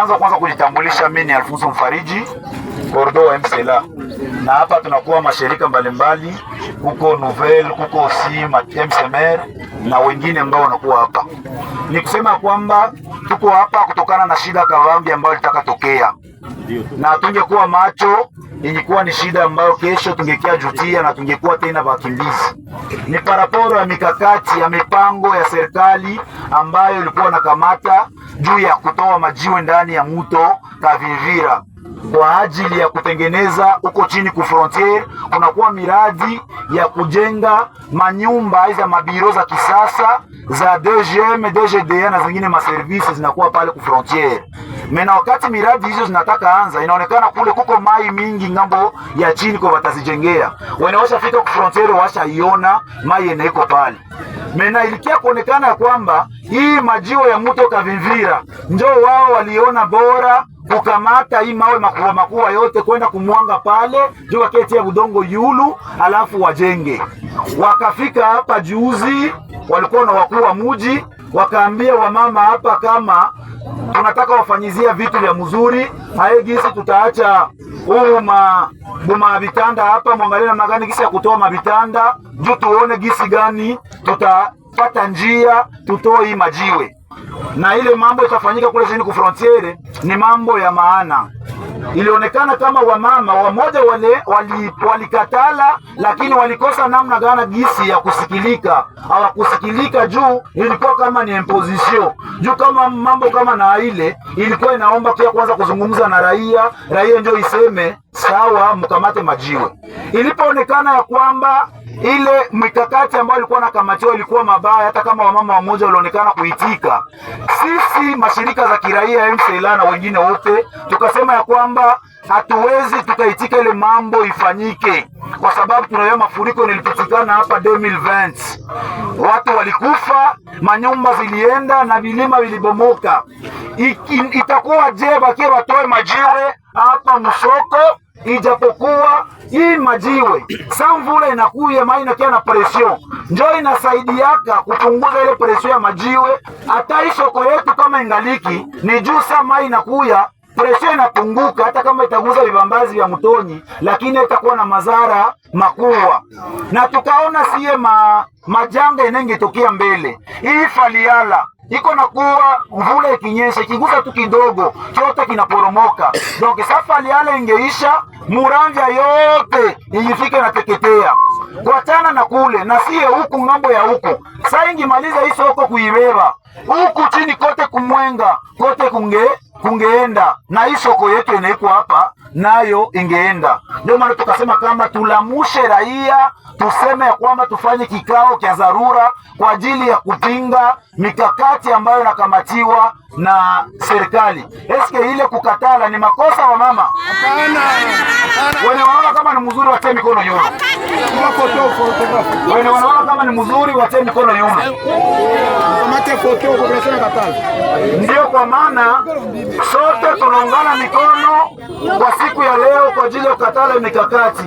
Nitaanza kwanza kujitambulisha, mimi ni Alfonso Mfariji Gordo MCLA, na hapa tunakuwa mashirika mbalimbali huko nouvel huko si MCMR na wengine ambao wanakuwa hapa. Ni kusema kwamba tuko hapa kutokana na shida kavambi ambayo litakatokea na tungekuwa macho ilikuwa ni shida ambayo kesho tungekea jutia na tungekuwa tena wakimbizi. Ni paraporo ya mikakati ya mipango ya serikali ambayo ilikuwa na kamata juu ya kutoa majiwe ndani ya mto Kavivira kwa ajili ya kutengeneza huko chini ku frontier, kunakuwa miradi ya kujenga manyumba za mabiro za kisasa za DGM, DGDA na zingine maservisi zinakuwa pale ku frontier mena wakati miradi hizo zinataka anza, inaonekana kule kuko mai mingi ngambo ya chini kwa watazijengea, wanaoshafika ku frontiere washaiona mai yenye iko pale mena. Ilikia kuonekana ya kwamba hii majiwa ya mto Kavimvira njo wao waliona bora kukamata hii mawe makubwa makubwa yote kwenda kumwanga pale juu, ya budongo yulu, alafu wajenge. Wakafika hapa juzi, walikuwa na wakuu wa muji wakaambia wamama hapa kama tunataka wafanyizia vitu vya mzuri haye gisi tutaacha huu vitanda hapa, mwangalie namna gani gisi ya kutoa mavitanda juu, tuone gisi gani tutapata njia tutoe hii majiwe, na ile mambo itafanyika kule chini kufrontiere ni mambo ya maana ilionekana kama wamama wamoja wale walikatala wali, lakini walikosa namna gana gisi ya kusikilika. Hawakusikilika juu ilikuwa kama ni imposition, juu kama mambo kama na ile ilikuwa inaomba pia kwanza kuzungumza na raia, raia ndio iseme sawa, mkamate majiwe. Ilipoonekana ya kwamba ile mikakati ambayo ilikuwa na kamatiwa ilikuwa mabaya, hata kama wamama wamoja walionekana kuitika. Sisi mashirika za kiraia MCLA na wengine wote tukasema ya kwamba hatuwezi tukaitika ile mambo ifanyike, kwa sababu tunayo mafuriko nilipitikana hapa 2020 watu walikufa, manyumba zilienda na vilima vilibomoka. Itakuwa je bakie watoe majiwe hapa msoko ijapokuwa hii majiwe sa mvula inakuya mai nakia na presio njo inasaidiaka kupunguza ile presio ya majiwe. Hata soko yetu kama ingaliki ni juu, sa mai inakuya pression inapunguka, hata kama itaguza vibambazi vya mtoni, lakini itakuwa na madhara makubwa, na tukaona siye ma, majanga inengetokea mbele. Hii faliala iko na kuwa mvula ikinyesha ikigusa tu kidogo, chote kinaporomoka. Donc safari yale ingeisha Muranja yote ijifike na teketea kuachana na kule na siye huku ng'ambo ya huku saingi maliza isoko kuibeba huku chini kote kumwenga kote kunge kungeenda na hii soko yetu inaiko hapa nayo ingeenda. Ndio maana tukasema kama tulamushe raia, tuseme ya kwamba tufanye kikao cha dharura kwa ajili ya kupinga mikakati ambayo inakamatiwa na serikali. Eske ile kukatala ni makosa wa mama? Hapana. Wenye kama ni mzuri watie mikono nyuma. Wewe wanaona kama ni mzuri, watie mikono nyuma. Ndiyo kwa maana sote tunaungana mikono kwa siku ya leo kwa ajili ya kukatala mikakati.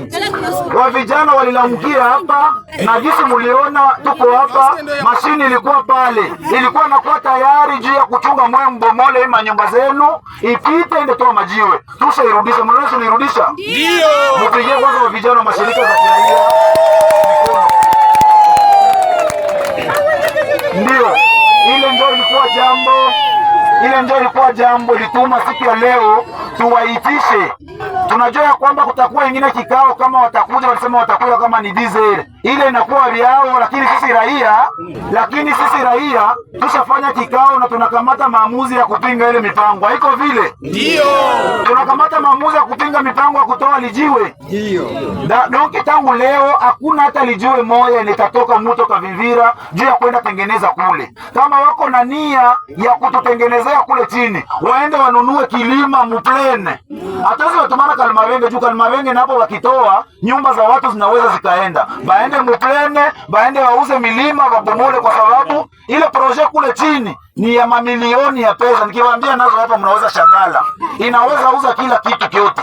Wa vijana walilamkia hapa na jinsi muliona, tuko hapa, mashini ilikuwa pale, ilikuwa nakuwa tayari juu ya kuchunga moyo mbomole manyumba zenu, ipite ende toa majiwe, tushairudisha. Mnaona tunairudisha, ndio mpigie kwanza wa vijana wa mashirika za kiraia ndio ile ndio ilikuwa jambo, ile ndio ilikuwa jambo lituma siku ya leo tuwaitishe. Tunajua ya kwamba kutakuwa ingine kikao, kama watakuja walisema watakuja kama ni dizeli ile inakuwa vyao, lakini sisi raia, lakini sisi raia tushafanya kikao na tunakamata maamuzi ya kupinga ile mipango, haiko vile? Ndio, tunakamata maamuzi ya kupinga mipango ya kutoa lijiwe. Ndio donki, tangu leo hakuna hata lijiwe moja litatoka muto Kavimvira juu ya kwenda tengeneza kule. Kama wako na nia ya kututengenezea kule chini, waende wanunue kilima muplene, hatuwezi watumana Kalimabenge juu Kalimabenge napo wakitoa nyumba za watu zinaweza zikaenda baende baende Mutwene, baende wauze milima, babomole, kwa sababu ile proje kule chini ni ya mamilioni ya pesa. Nikiwaambia nazo hapa mnaweza shangala, inaweza uza kila kitu kyote,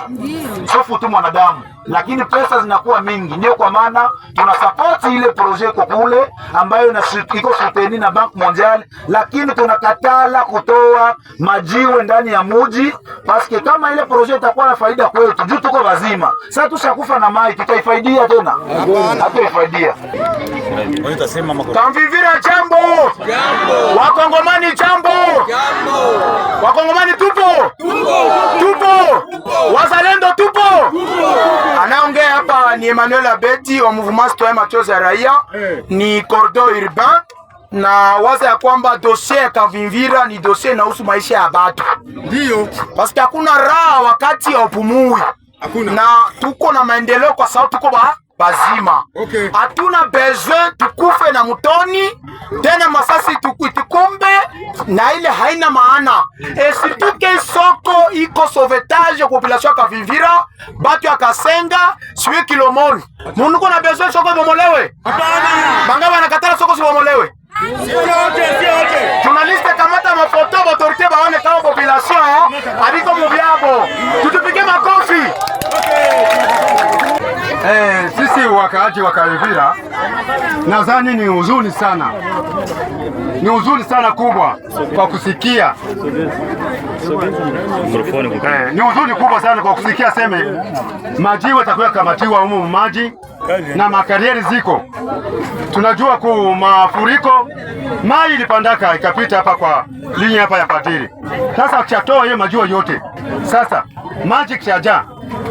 sofu tu mwanadamu, lakini pesa zinakuwa mingi. Ndio kwa maana tuna support ile projet kwa kule ambayo na iko suteni na Bank Mondial, lakini tunakatala kutoa majiwe ndani ya muji paske kama ile projet itakuwa na faida kwetu juu tuko wazima. Sasa tushakufa na mai, tutaifaidia tena? Hatuifaidia. Kamvivira jambo, Wakongomani jambo, Wakongomani tupo, tupo, wazalendo tupo. Anaongea hapa ni Emmanuel Abeti wa Mouvement Citoyen Machozi ya Raia, eh. ni cordon urbain na waza ya kwamba dosie ya Kavimvira ni dosie inahusu maisha ya batu, ndio paske hakuna raha wakati ya upumui. Hakuna. Na tuko na maendeleo kwa sababu tuko ba bazima. Hatuna okay. Besoin tukufe na mutoni tena masasi tukumbe na ile haina maana esituke soko iko sauvetage population akavivira batu akasenga siwi kilomoni munuko na besoin soko bomolewe banga banakatala soko sibomolewe wanaharakati wa Kayivira, nadhani ni huzuni sana, ni huzuni sana kubwa kwa kusikia eh, ni huzuni kubwa sana kwa kusikia seme majiwe takuwa kamatiwa humu maji na makarieri ziko, tunajua ku mafuriko mai ilipandaka ikapita hapa kwa linye hapa ya padiri. Sasa kishatoa hiyo majua yote, sasa maji kishaja,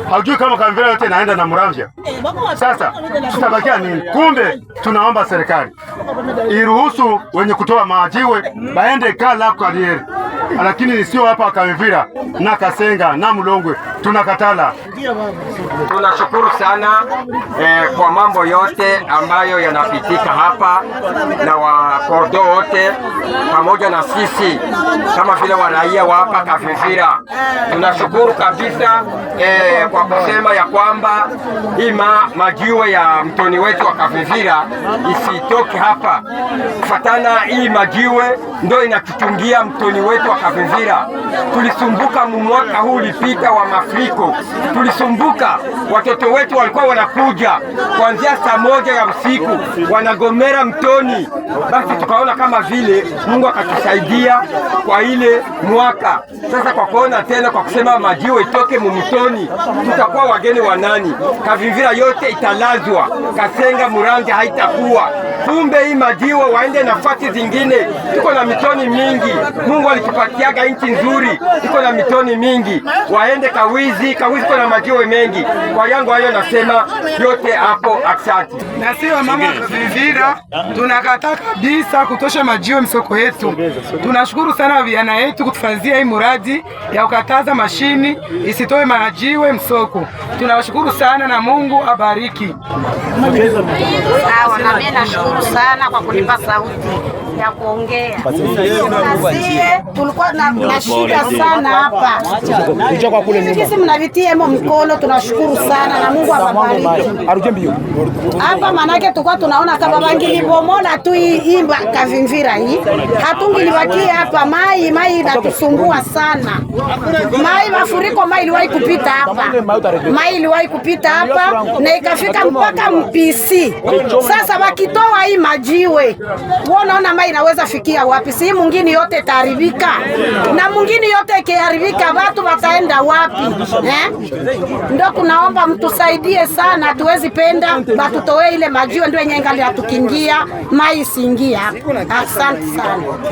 haujui kama Kayivira yote naenda na Muramvya sasa tutabakia nini? Kumbe tunaomba serikali iruhusu wenye kutoa majiwe baende kala karieri, lakini sio hapa Akawivira na Kasenga na Mulongwe tunakatala. Tunashukuru sana eh, kwa mambo yote ambayo yanapitika hapa na wakordo wote pamoja na sisi kama vile waraia wa hapa Kavivira tunashukuru kabisa eh, kwa kusema ya kwamba hii majiwe ya mtoni wetu wa Kavivira isitoke hapa, kufatana hii majiwe ndo inatutungia mtoni wetu wa Kavivira. Tulisumbuka mwaka huu ulipita wa mafuriko, tulisumbuka. Watoto wetu walikuwa wanakuja kuanzia saa moja ya usiku wanagomera mtoni, basi tukaona kama vile Mungu akatusaidia kwa ile mwaka sasa, kwa kuona tena kwa kusema majiwe itoke mumtoni, tutakuwa wageni wa nani Kavivira yote italazwa Kasenga Murange haitakuwa. Kumbe hii majiwa waende nafasi zingine. Tuko na mitoni mingi, Mungu alitupatiaga nchi nzuri, tuko na mitoni mingi, waende Kawizi. Kawizi tuko na majiwe mengi. Kwa yangu hayo nasema yote hapo, asante. Na si mama Vivira, tunakataa kabisa kutosha majiwe msoko yetu. Tunashukuru sana vijana yetu kutufanzia hii muradi ya kukataza mashini isitoe majiwe msoko, tunawashukuru sana na Mungu Mungu abariki. Sawa, na mimi nashukuru sana kwa kunipa sauti ya kuongea. Tulikuwa na shida sana hapa, kwa kule nyuma, sisi mnavitia hemo mkono, tunashukuru sana na Mungu awabariki hapa, manake tulikuwa tunaona kama bangilibomola tu hii kavimvira hii hatungiliwakia hapa. Mai mai inatusumbua sana mai, mafuriko mai iliwahi kupita hapa, mai iliwahi kupita hapa na ikafika mpaka mpisi. Sasa wakitoa hii majiwe, unaona mai inaweza fikia wapi? Si mungini yote itaharibika, na mungini yote ikiharibika, watu wataenda wapi eh? Ndio kunaomba mtusaidie sana, tuwezi penda batutoe ile majiwe, ndio yenye ngali atukingia mai siingia. Asante sana.